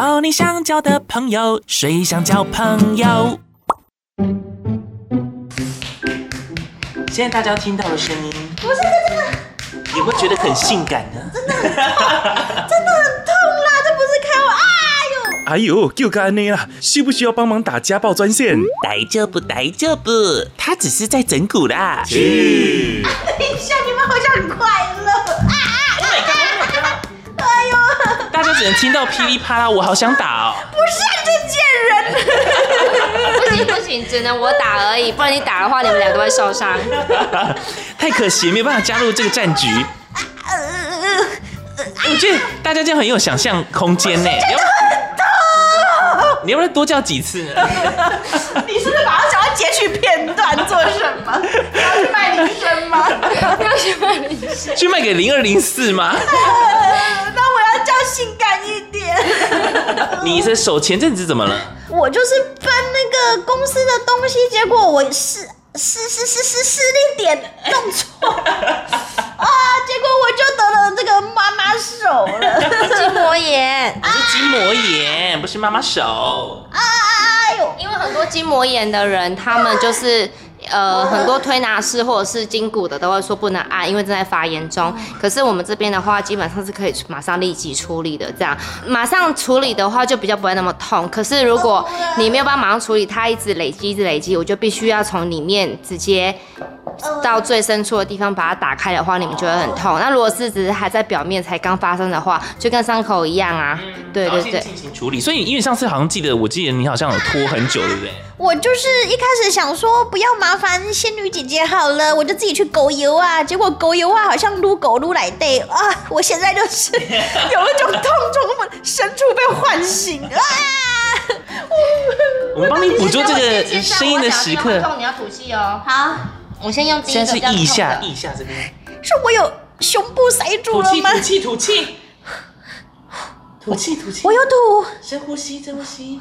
找你想交的朋友，誰想交朋友？現在大家聽到的聲音，不是真的，你會覺得很性感的，啊哦，真的很痛， 真的很痛啦！這不是開玩啊，哎呦，哎呦，救個安妮啊！需不需要幫忙打家暴專線？大丈夫，大丈夫，他只是在整蠱啦。等一下，啊，你，你們好像很快樂。只能聽到噼里啪啦，我好想打哦！不是，這賤人！ 不行不行，只能我打而已，不然你打的話，你們兩個會受傷。 太可惜，沒有辦法加入這個戰局。呃呃呃、我覺得大家這樣很有想象空間呢。你要不要多叫幾次呢？ 你是不是把我想要截取片段做什麼？ 你要去賣鈴聲嗎？要去賣鈴聲？去賣給零二零四嗎？ 性感一點！ 你的手前陣子怎麼了？我就是搬那個公司的東西，結果我失失失失失力點弄錯 啊，結果我就得了這個媽媽手了，筋膜炎。是筋膜炎，不是媽媽手。啊啊啊！哎喲！因為很多筋膜炎的人，他們就是。呃，很多推拿師或者是筋骨的都會說不能按，因為正在發炎中。可是我們這邊的話，基本上是可以馬上立即處理的。這樣馬上處理的話，就比較不會那麼痛。可是如果你沒有辦法馬上處理，它一直累積一直累積，我就必須要從裡面直接。到最深處的地方把它打開的話，嗯、你們就會很痛。哦、那如果是只是還在表面才剛發生的話，就跟傷口一樣啊。嗯、對對對。進行，行，行處理。所以因為上次好像記得，我記得你好像有拖很久、啊，對不對？我就是一開始想說不要麻煩仙女姐姐好了，我就自己去狗游啊。結果狗油啊，好像擼狗擼來的啊。我現在就是有一種痛從那麼深處被喚醒啊。我們幫你捕捉這個聲音的時刻。你,這個、現在現在要要你要吐氣哦、喔。好。我先用第一個這，先是腋下，腋下這邊，是我有胸部塞住了嗎？吐氣，吐氣，吐氣，吐氣，吐氣，我有吐。深呼吸，深呼吸。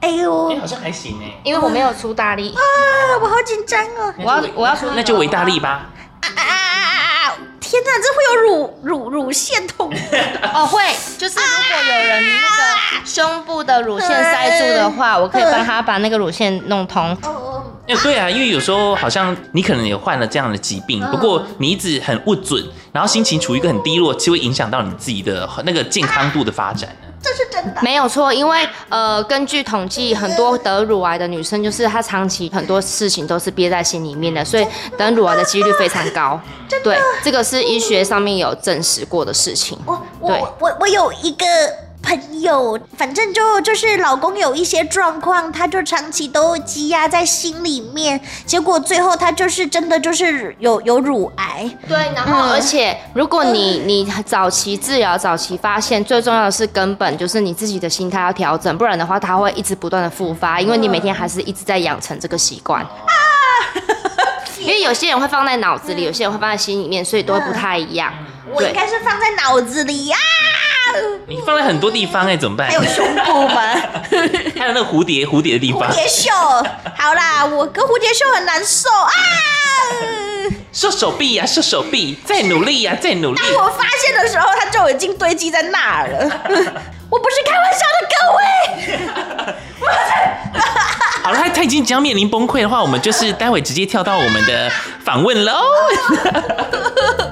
哎呦，哎、欸，好像還行哎。因為我沒有出大力。哦、啊，我好緊張哦。我要，我要出，那就維大力吧。天吶，這會有乳乳乳腺痛 哦，會，就是如果有人那個胸部的乳腺塞住的話，我可以幫他把那個乳腺弄通。哦、呃。對啊，因為有時候好像你可能也患了這樣的疾病，不過你一直很不準，然後心情處於一個很低落，就會影響到你自己的那個健康度的發展。呃這是真的，沒有錯。因為呃，根據統計，很多得乳癌的女生，就是她長期很多事情都是憋在心裡面的，所以得乳癌的幾率非常高。對，這個是醫學上面有證實過的事情。我我對，我我，我有一個。朋友，反正就就是老公有一些狀況，他就長期都積壓在心裡面，結果最後他就是真的就是有有乳癌。對，然後而且如果你、嗯、你早期治療、早期發現，最重要的是根本就是你自己的心態要調整，不然的話他會一直不斷的復發，因為你每天還是一直在養成這個習慣。啊、 因為有些人會放在腦子裡、嗯，有些人會放在心裡面，所以都會不太一樣。對。嗯、我應該是放在腦子裡啊。嗯你放在很多地方哎、欸，怎麼辦？還有胸部吧， 還有那個蝴蝶蝴蝶的地方，蝴蝶袖。好啦，我跟蝴蝶袖很難受啊！瘦手臂呀、啊，瘦手臂，再努力呀、啊，再努力。當我發現的時候，它就已經堆積在那兒了。我不是開玩笑的，各位。 好了，他他已經即將面臨崩潰的話，我們就是待會直接跳到我們的訪問嘍。啊啊啊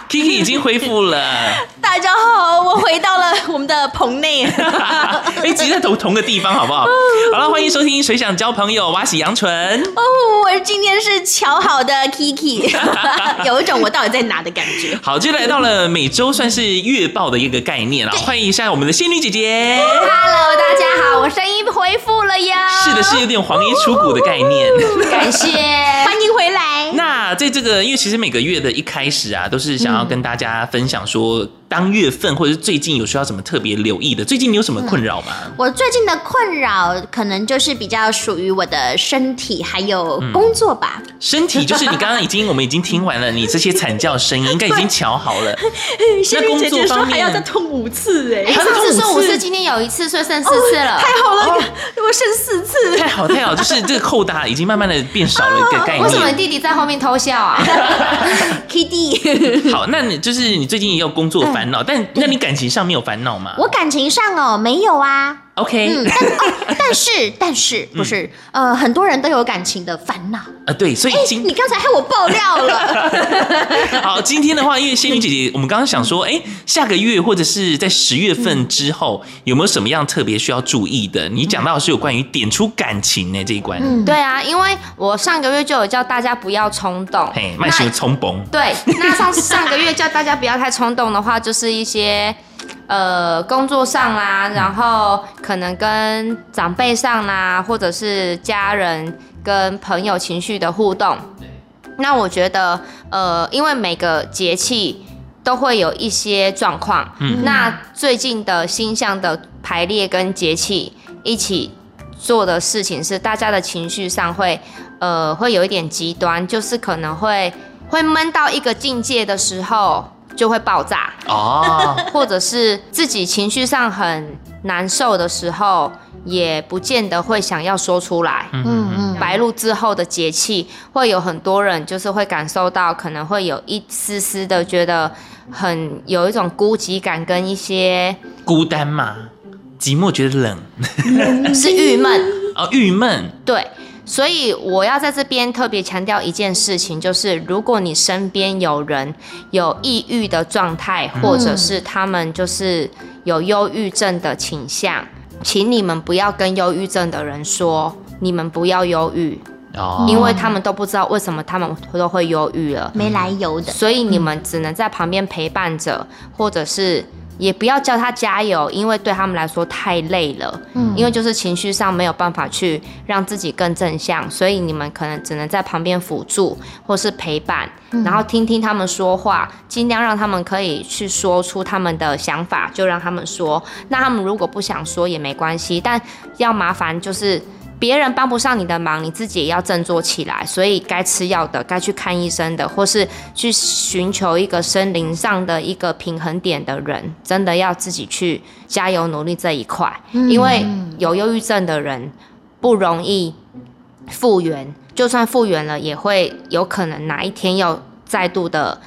Kiki 已經恢復了。 大家好，我回到了我們的棚內，一直在同同一個地方，好不好？好了，歡迎收聽《誰想交朋友》，挖喜羊純。哦，我今天是瞧好的 Kiki， 有一種我到底在哪的感覺。 好，就來到了每周算是月報的一個概念了。歡迎一下我們的仙女姐姐。Hello，大家好，我聲音恢復了喲。是的，是有點黃衣出谷的概念。 感謝。在、啊、這，這個，因為其實每個月的一開始啊，都是想要跟大家分享說。當月份或者是最近有需要什麼特別留意的。最近你有什麼困擾嗎、嗯？我最近的困擾可能就是比較屬於我的身體還有工作吧。嗯、身體就是你剛剛已經 我們已經聽完了你這些慘叫聲音， 應該已經瞧好了。 那工作方面姐姐說還要再痛五次哎，欸欸，上次說五次，今天有一次，所以剩四次了。太好了，如果剩四次了， 太好太好，就是這個扣打已經慢慢的變少了。一個概念。為、哦、什麼弟弟在後面偷笑啊 KIKI，好，那你就是你最近要工作反，嗯。煩惱，但那你感情上沒有煩惱嗎？我感情上哦，沒有啊。OK、嗯。但 是，但是不是、嗯？呃，很多人都有感情的煩惱。啊、呃、對，所以、欸、你剛才害我爆料了。 好，今天的話，因為仙女姐姐，嗯、我們剛剛想說，哎、欸，下個月或者是在十月份之後、嗯，有沒有什麼樣特別需要注意的？嗯、你講到的是有關於點出感情呢這一關、嗯。對啊，因為我上個月就有叫大家不要衝動，慢性衝崩。對，那上上個月叫大家不要太衝動的話， 就是一些。呃，工作上啦，然後可能跟長輩上啦，或者是家人跟朋友情緒的互動。對。那我覺得，呃，因為每個節氣都會有一些狀況。嗯。那最近的星象的排列跟節氣一起做的事情，是大家的情緒上會，呃，會有一點極端，就是可能會會悶到一個境界的時候。就會爆炸哦，oh. 或者是自己情緒上很難受的時候，也不見得會想要說出來。 嗯嗯，白露之後的節氣，會有很多人就是會感受到，可能會有一絲絲的覺得很有一種孤寂感跟一些孤單嘛，寂寞，覺得冷， 是鬱悶哦，oh, 鬱悶，對。所以我要在這邊特別強調一件事情，就是如果你身邊有人有抑鬱的狀態，或者是他們就是有憂鬱症的傾向，嗯，請你們不要跟憂鬱症的人說你們不要憂鬱，嗯，因為他們都不知道為什麼他們都會憂鬱了，沒來由的，所以你們只能在旁邊陪伴着，或者是。也不要叫他加油，因為對他們來說太累了。嗯，因為就是情緒上沒有辦法去讓自己更正向，所以你們可能只能在旁邊輔助或是陪伴，嗯，然後聽聽他們說話，儘量讓他們可以去說出他們的想法，就讓他們說。那他們如果不想說也沒關係，但要麻煩就是。別人幫不上你的忙，你自己也要振作起來。所以，該吃藥的，該去看醫生的，或是去尋求一個心靈上的一個平衡點的人，真的要自己去加油努力這一塊。嗯、因為有憂鬱症的人不容易復原，就算復原了，也會有可能哪一天要再度的。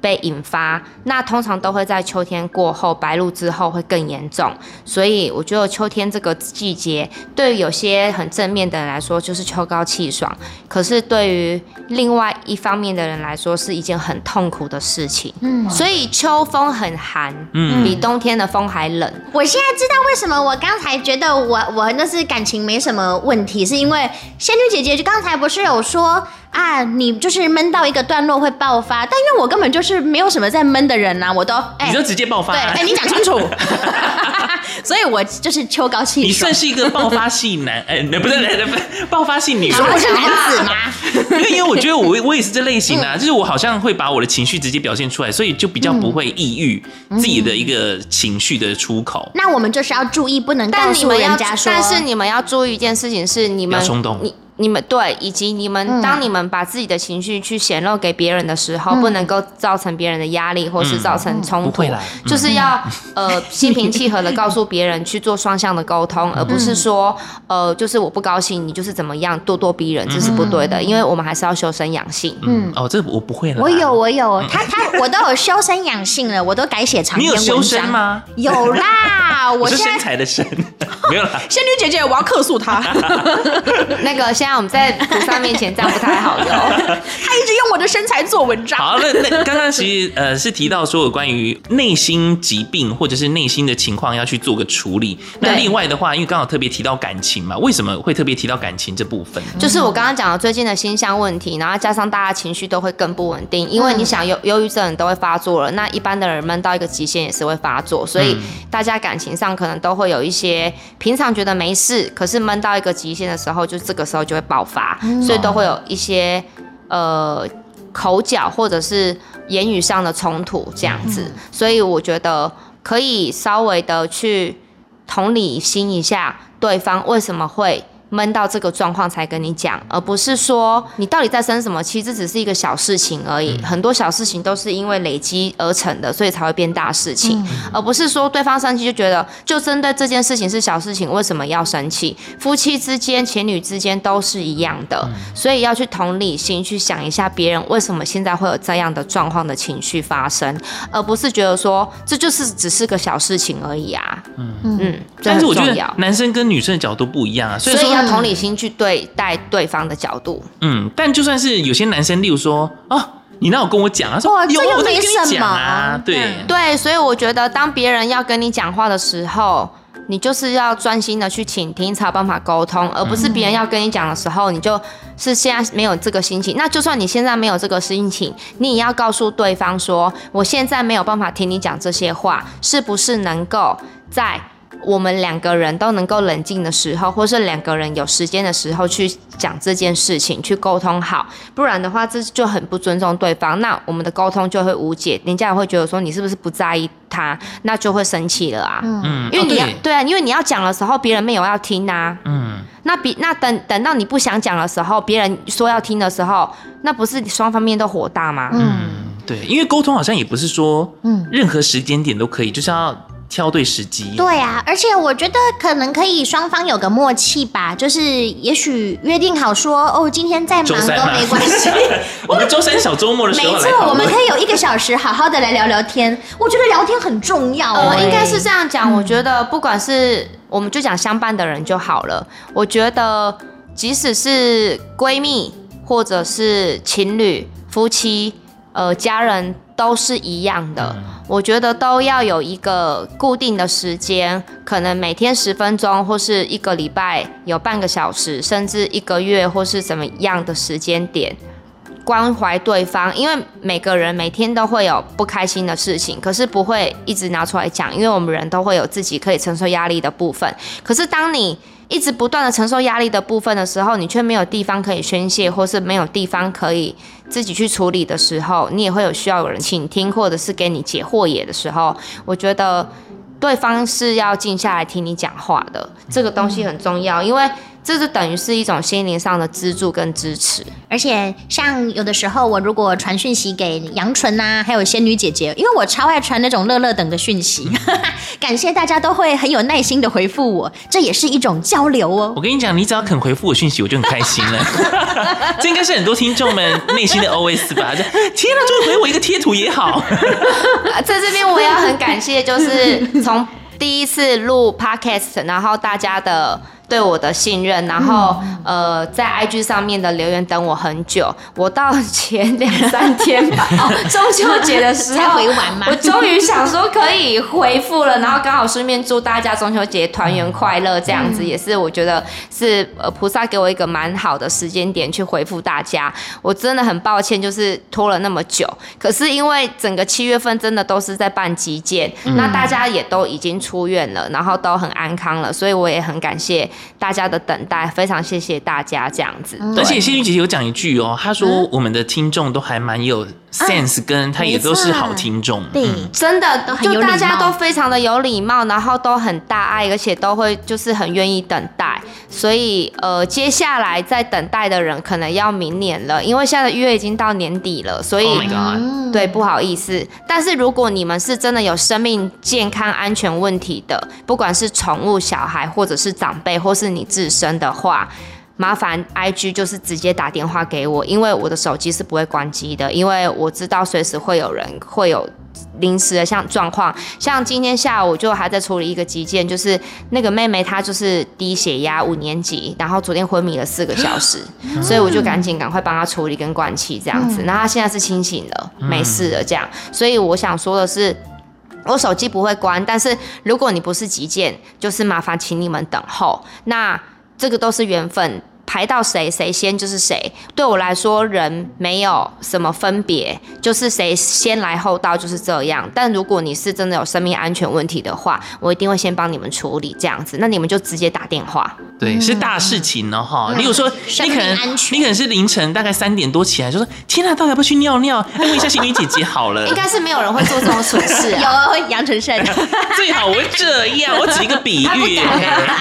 被引發，那通常都會在秋天過後，白露之後會更嚴重。所以我覺得秋天這個季節，對於有些很正面的人來說，就是秋高氣爽；可是對於另外一方面的人來說，是一件很痛苦的事情。嗯，所以秋風很寒，嗯，比冬天的風還冷，嗯。我現在知道為什麼我剛才覺得我我和那是感情沒什麼問題，是因為仙女姐姐就剛才不是有說。啊，你就是悶到一個段落會爆發，但因為我根本就是沒有什麼在悶的人吶、啊，我都，哎、欸，你就直接爆發、啊，對，哎、欸，你講清楚， 所以我就是秋高氣爽。你算是一個爆發系男，哎、 欸，不對、欸，不對、欸欸欸，不，爆發系女，女說我是男子嗎？因、啊、為因為我覺得我我也是這類型啊， 就是我好像會把我的情緒直接表現出來、嗯，所以就比較不會抑鬱自己的一個情緒的出口、嗯嗯。那我們就是要注意，不能告訴但你們要人家但是你們要注意一件事情是你，你們衝動，你們對，以及你們、嗯、當你們把自己的情緒去顯露給別人的時候，嗯、不能夠造成別人的壓力，或是造成衝突。嗯嗯、就是要、嗯、呃心平氣和的告訴別人去做雙向的溝通，嗯、而不是說呃就是我不高興，你就是怎麼樣咄咄逼人，這是不對的、嗯。因為我們還是要修身養性。嗯，哦，這我不會了。我有，我有，他他 我都有修身養性了，我都改寫長篇文章。你有修身嗎？有啦，我現在 是身材的身。 沒有仙女姐姐，我要客訴她。 那個現在我們在菩薩面前這樣不太好喲。他一直用我的身材做文章。 好嘞，那剛剛其實呃是提到說關於內心疾病或者是內心的情況要去做個處理。那另外的話，因為剛好特別提到感情嘛，為什麼會特別提到感情這部分？就是我剛剛講了最近的心象問題，然後加上大家情緒都會更不穩定，因為你想憂憂鬱症都會發作了，那一般的人們到一個極限也是會發作，所以大家感情上可能都會有一些。平常覺得沒事，可是悶到一個極限的時候，就這個時候就會爆發，嗯。所以都會有一些，呃，口角或者是言語上的衝突這樣子。嗯。所以我覺得可以稍微的去同理心一下對方為什麼會。悶到這個狀況才跟你講，而不是說你到底在生什麼氣？這只是一個小事情而已。很多小事情都是因為累積而成的，所以才會變大事情，而不是說對方生氣就覺得就針對這件事情是小事情，為什麼要生氣？夫妻之間、情侶之間都是一樣的，所以要去同理心去想一下別人為什麼現在會有這樣的狀況的情緒發生，而不是覺得說這就是只是個小事情而已啊。嗯嗯，但是我覺得男生跟女生的角度不一樣啊，所以說。同理心去對待對方的角度，嗯，但就算是有些男生，例如說、哦、有啊，你哪有跟我講啊？哇，這又沒什麼，有啊，嗯、對對，所以我覺得當別人要跟你講話的時候，你就是要專心的去傾聽，才有辦法溝通，而不是別人要跟你講的時候、嗯，你就是現在沒有這個心情。那就算你現在沒有這個心情，你也要告訴對方說，我現在沒有辦法聽你講這些話，是不是能夠在？我們兩個人都能夠冷靜的時候，或是兩個人有時間的時候去講這件事情，去溝通好，不然的話，這就很不尊重對方，那我們的溝通就會無解，人家也會覺得說你是不是不在意他，那就會生氣了啊。嗯嗯。因為你要、哦、對，對啊，因為你要講的時候別人沒有要聽啊。嗯。那比那等等到你不想講的時候，別人說要聽的時候，那不是雙方面都火大嗎？嗯，對，因為溝通好像也不是說，嗯，任何時間點都可以，嗯、就像、是。要。挑對時機，對啊，而且我覺得可能可以雙方有個默契吧，就是也許約定好說，哦，今天再忙都沒關係。 我們週三小周末的時候， 沒錯，我們可以有一個小時好好的來聊聊天。 我覺得聊天很重要啊，呃，應該是這樣講，嗯。我覺得不管是我們就講相伴的人就好了。我覺得即使是閨蜜或者是情侶、夫妻、呃，家人。都是一樣的，我覺得都要有一個固定的時間，可能每天十分鐘，或是一個禮拜有半個小時，甚至一個月，或是怎麼樣的時間點，關懷對方。因為每個人每天都會有不開心的事情，可是不會一直拿出來講，因為我們人都會有自己可以承受壓力的部分。可是當你一直不斷的承受壓力的部分的時候，你卻沒有地方可以宣泄，或是沒有地方可以自己去處理的時候，你也會有需要有人傾聽，或者是給你解惑也的時候，我覺得對方是要靜下來聽你講話的，這個東西很重要，因為。這是等於是一種心靈上的資助跟支持，而且像有的時候我如果傳訊息給楊純吶，還有仙女姐姐，因為我超愛傳那種樂樂等的訊息，感謝大家都會很有耐心的回復我，這也是一種交流哦、嗯。我跟你講，你只要肯回復我訊息，我就很開心了。 這應該是很多聽眾們內心的 OS 吧？天吶、啊，就會回我一個貼圖也好 在這邊我要很感謝，就是從第一次錄 Podcast，然後大家的。對我的信任，然後呃，在 IG 上面的留言等我很久，我到前兩三天吧， 哦、中秋節的時候， 我終於想說可以回覆了，然後剛好順便祝大家中秋節團圓快樂，這樣子也是我覺得是呃菩薩給我一個蠻好的時間點去回覆大家，我真的很抱歉，就是拖了那麼久，可是因為整個七月份真的都是在辦急件，那大家也都已經出院了，然後都很安康了，所以我也很感謝。大家的等待，非常謝謝大家這樣子。嗯、對而且仙女姐姐有講一句哦、喔，她說我們的聽眾都還蠻有 sense，、啊、跟他也都是好聽眾、啊。對，真、嗯、的都很有禮貌，大家都非常的有禮貌，然後都很大愛，而且都會就是很願意等待。所以呃，接下來在等待的人可能要明年了，因為現在的預約已經到年底了，所以、哦啊、對，不好意思。但是如果你們是真的有生命健康安全問題的，不管是寵物、小孩，或者是長輩或或是你自身的話，麻煩 I G 就是直接打電話給我，因為我的手機是不會關機的，因為我知道隨時會有人會有臨時的像狀況，像今天下午就還在處理一個急件，就是那個妹妹她就是低血壓，五年級，然後昨天昏迷了四個小時，嗯、所以我就趕緊趕快幫她處理跟灌氣這樣子，那、嗯、她現在是清醒了，沒事了這樣，所以我想說的是。我手機不會關，但是如果你不是急件，就是麻煩請你們等候。那這個都是緣分。排到誰誰先就是誰。對我來說，人沒有什麼分別，就是誰先來後到就是這樣。但如果你是真的有生命安全問題的話，我一定會先幫你們處理這樣子。那你們就直接打電話。對，嗯、是大事情哦。哈、嗯。你有說，你可能安全，你可能是凌晨大概三點多起來就說，天啊，到底要不要去尿尿？問、哎、一下仙女姊姊好了。 應該是沒有人會做這種蠢事啊。 有啊，凌晨三點。 最好我這樣，我舉一個比喻。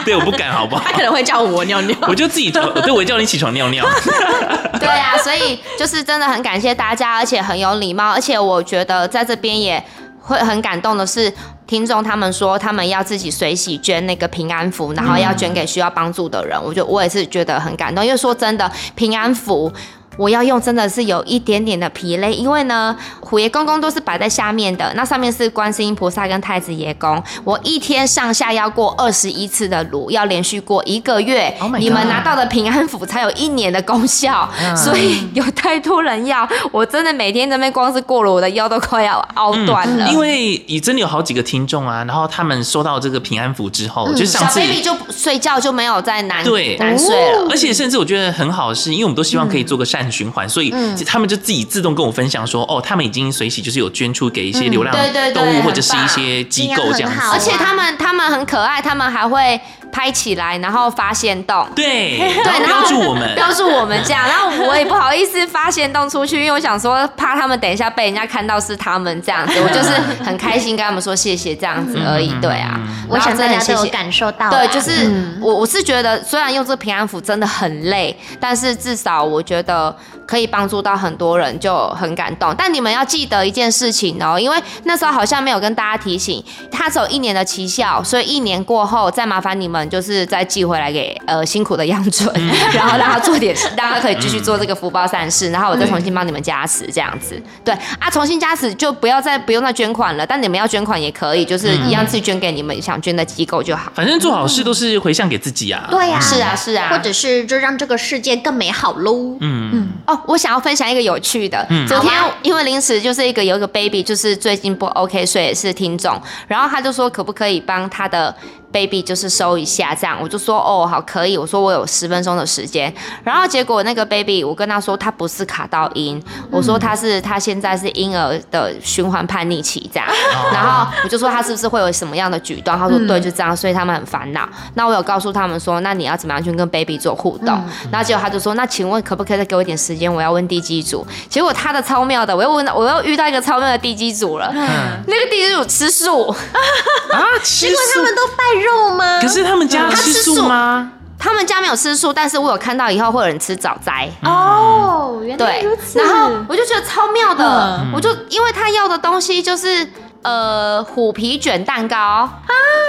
對，我不敢，好不好？他可能會叫我尿尿， 我就自己做我對，我叫你起床尿尿。 對啊，所以就是真的很感謝大家，而且很有禮貌，而且我覺得在這邊也會很感動的是，聽眾他們說他們要自己隨喜捐那個平安符，然後要捐給需要幫助的人，嗯，我覺得我也是覺得很感動，因為說真的，平安符我要用真的是有一點點的疲累，因為呢。虎爺公公都是擺在下面的，那上面是觀世音菩薩跟太子爺公。我一天上下要過二十一次的爐，要連續過一個月。Oh、你們拿到的平安符才有一年的功效，oh、所以有太多人要，我真的每天這邊光是過了我的腰都快要凹斷了、嗯。因為你真的有好幾個聽眾啊，然後他們收到這個平安符之後，嗯、就小 baby 就睡覺就沒有再難對難睡了、哦。而且甚至我覺得很好的是，因為我們都希望可以做個善循環、嗯，所以他們就自己自動跟我分享說，哦，他們已經。隨喜就是有捐出給一些流浪動物或者是一些機構這樣子，而且他們他們很可愛，他們還會。拍起來，然後發限動，對對，標註我們，標註我們這樣，然後我也不好意思發限動出去，因為我想說怕他們等一下被人家看到是他們這樣子，我就是很開心跟他們說謝謝這樣子而已，對啊，嗯嗯、對我想大家都感受到謝謝，對，就是我我是覺得雖然用這個平安符真的很累，但是至少我覺得可以幫助到很多人就很感動。但你們要記得一件事情哦，因為那時候好像沒有跟大家提醒，它只有一年的時效，所以一年過後再麻煩你們。就是再寄回來給呃辛苦的楊准、嗯，然後讓他做點事， 讓他可以繼續做這個福報善事，嗯、然後我再重新幫你們加持，這樣子。對啊，重新加持就不要再不用再捐款了，但你們要捐款也可以，就是一樣自己捐給你們想捐的機構就好、嗯。反正做好事都是回向給自己啊。嗯、對啊，嗯、是啊是啊，或者是就讓這個世界更美好嘍。嗯嗯。哦，我想要分享一個有趣的，昨、嗯、天因為臨時就是一個有一個 baby 就是最近不 OK，所以是聽眾，然後他就說可不可以幫他的。Baby 就是收一下這樣，我就說哦好可以，我說我有十分鐘的時間，然後結果那個 Baby 我跟他說他不是卡到陰、嗯，我說他是他現在是嬰兒的循環叛逆期這樣、哦，然後我就說他是不是會有什麼樣的舉動，嗯、他說對就這樣，所以他們很煩惱、嗯。那我有告訴他們說，那你要怎麼樣去跟 Baby 做互動、嗯？然後結果他就說，那請問可不可以再給我一點時間？我要問地基主。結果他的超妙的，我又問我又遇到一個超妙的地基主了、嗯，那個地基主吃素，啊吃素，結 果他們都拜。肉嗎？可是他們家有吃素嗎？他們家沒有吃素，但是我有看到以後會有人吃早齋、嗯、哦，原來如此。對，然後我就覺得超妙的，嗯、我就因為他要的東西就是。呃，虎皮卷蛋糕啊，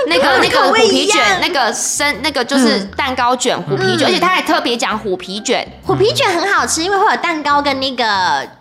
那個那個、那個、虎皮卷，那個生那個就是蛋糕卷、嗯、虎皮卷、嗯，而且他還特別講虎皮卷、嗯，虎皮卷很好吃，因為會有蛋糕跟那個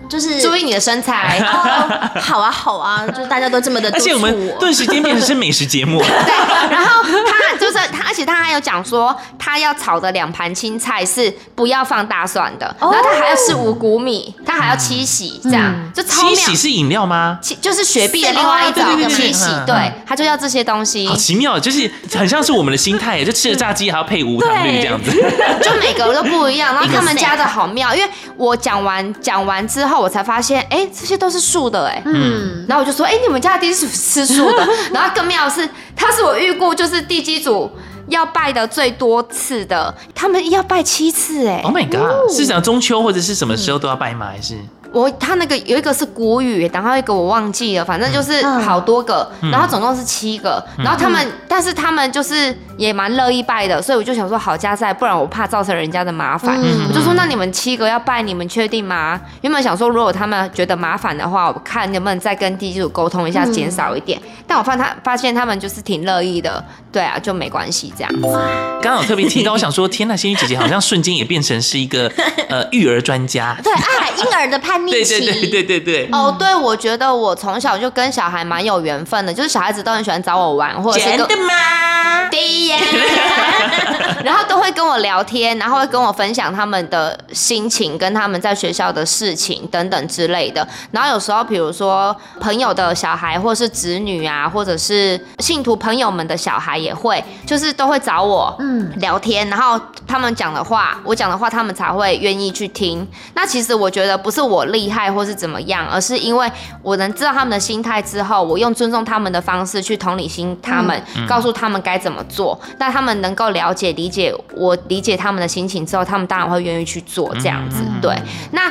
就是注意你的身材、 哦。好啊好啊，就大家都這麼的。而且我們頓時間變成是美食節目、啊。 對，然後他就是他，而且他還有講說他要炒的兩盤青菜是不要放大蒜的，哦，然後他還要是五穀米，他還要七喜這樣，嗯，就七喜是飲料嗎？七就是雪碧的另外。啊、對，對，對，對，他、嗯、對，他就要這些東西。好奇妙，就是很像是我們的心態， 就吃了炸雞、嗯、還要配無糖綠這樣子，就， 就每個都不一樣。然後他們家的好妙，因為我講完講完之後，我才發現，哎、欸，這些都是素的、欸，哎，嗯。然後我就說，哎、欸，你們家的地基主吃素的。然後更妙的是，他是我遇過就是地基主要拜的最多次的，他們要拜七次、欸，哎。Oh my god！、哦、是講中秋或者是什麼時候都要拜嗎、嗯？還是？我他那個有一個是國語，然後一個我忘記了，反正就是好多個，嗯嗯、然後總共是七個，嗯、然後他們、嗯、但是他們就是也蠻樂意拜的，所以我就想說好加在，不然我怕造成人家的麻煩，嗯、我就說那你們七個要拜，你們確定嗎？原本想說如果他們覺得麻煩的話，我看能不能再跟地基主溝通一下、嗯，減少一點，但我發他發現他們就是挺樂意的。對啊，就沒關係這樣。剛好特別提到，我想說，天吶，仙女姊姊好像瞬間也變成是一個 呃育兒專家。對，啊，嬰兒的叛逆期。對對對對對對，對，對。哦、oh,，對，我覺得我從小就跟小孩蠻有緣分的，就是小孩子都很喜歡找我玩，或者是真的嗎？對呀。然後都會跟我聊天，然後會跟我分享他們的心情，跟他們在學校的事情等等之類的。然後有時候，比如說朋友的小孩，或是子女啊，或者是信徒朋友們的小孩。也會，就是都會找我聊天，嗯、然後他們講的話，我講的話，他們才會願意去聽。那其實我覺得不是我厲害或是怎麼樣，而是因為我能知道他們的心態之後，我用尊重他們的方式去同理心他們，嗯、告訴他們該怎麼做，那他們能夠了解、理解我、理解他們的心情之後，他們當然會願意去做這樣子。嗯嗯嗯嗯對，那。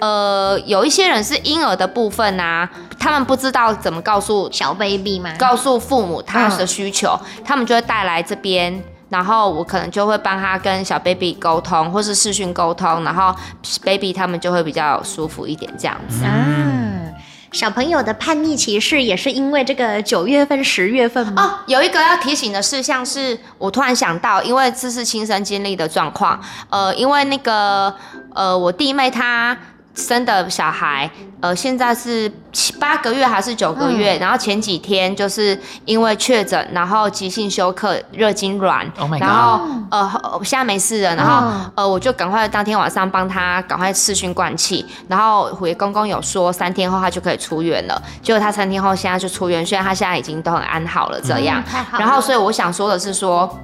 呃，有一些人是嬰兒的部分吶、啊，他們不知道怎麼告訴小 baby 嘛，告訴父母他的需求，嗯、他們就會帶來這邊，然後我可能就會幫他跟小 baby 溝通，或是視訊溝通，然後 baby 他們就會比較舒服一點這樣子。嗯、啊，小朋友的叛逆期是也是因為這個九月份十月份嗎？哦，有一個要提醒的事項是，我突然想到，因為這是親身經歷的狀況，呃，因為那個呃，我弟妹她。生的小孩，呃，現在是七八個月還是九個月，嗯？然後前幾天就是因為確診，然後急性休克、熱痙攣，然後，哦、呃，現在沒事了。然後，哦、呃，我就趕快當天晚上幫他趕快視訊灌氣，然後虎爺公公有說三天後他就可以出院了。結果他三天後現在就出院，雖然他現在已經都很安好了。嗯、這樣，然後所以我想說的是說。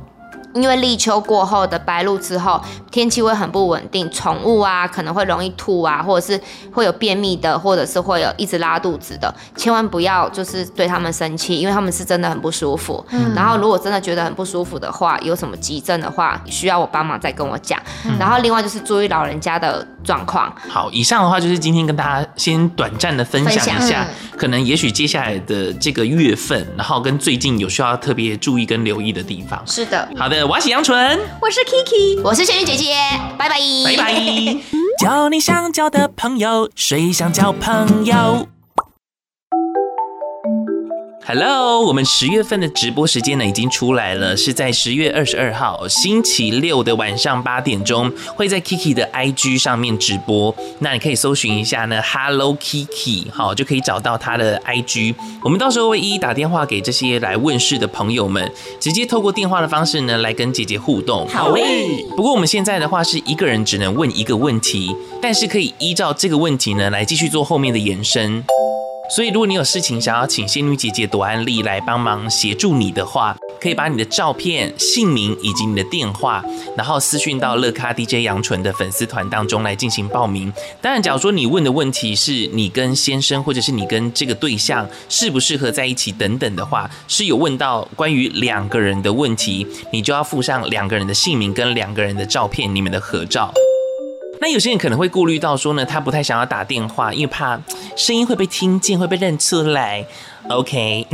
因為立秋過後的白露之後，天氣會很不穩定，寵物啊可能會容易吐啊，或者是會有便秘的，或者是會有一直拉肚子的，千萬不要就是對他們生氣，因為他們是真的很不舒服。嗯。然後如果真的覺得很不舒服的話，有什麼急症的話，需要我幫忙再跟我講。嗯。然後另外就是注意老人家的狀況。好，以上的話就是今天跟大家先短暫的分享一下，嗯，可能也許接下來的這個月份，然後跟最近有需要特別注意跟留意的地方。是的。好的。我是楊純，我是 Kiki，我是仙女姐姐，姐，拜拜，拜拜 。叫你想交的朋友，誰想交朋友？Hello，我們十月份的直播時間呢已經出來了，是在十月二十二號星期六的晚上八點鐘，會在 Kiki 的 IG 上面直播。那你可以搜尋一下呢，Hello Kiki，好，就可以找到他的 IG。我們到時候會一一打電話給這些來問事的朋友們，直接透過電話的方式呢來跟姐姐互動。好嘞。不過我們現在的話是一個人只能問一個問題，但是可以依照這個問題呢來繼續做後面的延伸。所以，如果你有事情想要請仙女姐姐垜桉䅄來幫忙協助你的話，可以把你的照片、姓名以及你的電話，然後私訊到樂咖 DJ 楊純的粉絲團當中來進行報名。當然，假如說你問的問題是你跟先生，或者是你跟這個對象適不適合在一起等等的話，是有問到關於兩個人的問題，你就要附上兩個人的姓名跟兩個人的照片，你們的合照。那有些人可能會顧慮到說呢，他不太想要打電話，因為怕聲音會被聽見，會被認出來。OK，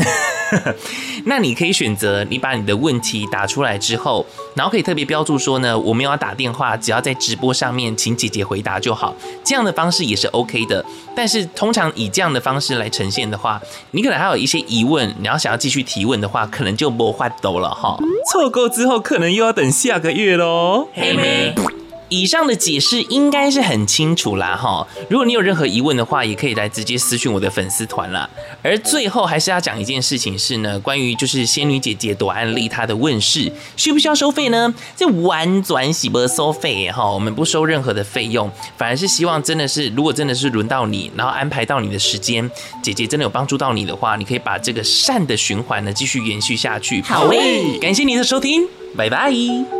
那你可以選擇，你把你的問題打出來之後，然後可以特別標注說呢，我沒有要打電話，只要在直播上面請姐姐回答就好。這樣的方式也是 OK 的。但是通常以這樣的方式來呈現的話，你可能還有一些疑問，你要想要繼續提問的話，可能就沒法度了哈、哦。錯過之後可能又要等下個月嘍。嘿、hey 以上的解釋應該是很清楚啦哈，如果你有任何疑問的話，也可以來直接私訊我的粉絲團啦。而最後還是要講一件事情是呢，關於就是仙女姐姐垜桉䅄她的問事，需不需要收費呢？這完全是不收費哈，我們不收任何的費用，反而是希望真的是如果真的是輪到你，然後安排到你的時間，姐姐真的有幫助到你的話，你可以把這個善的循環呢繼續延續下去。好嘞、欸，感謝你的收聽，拜拜。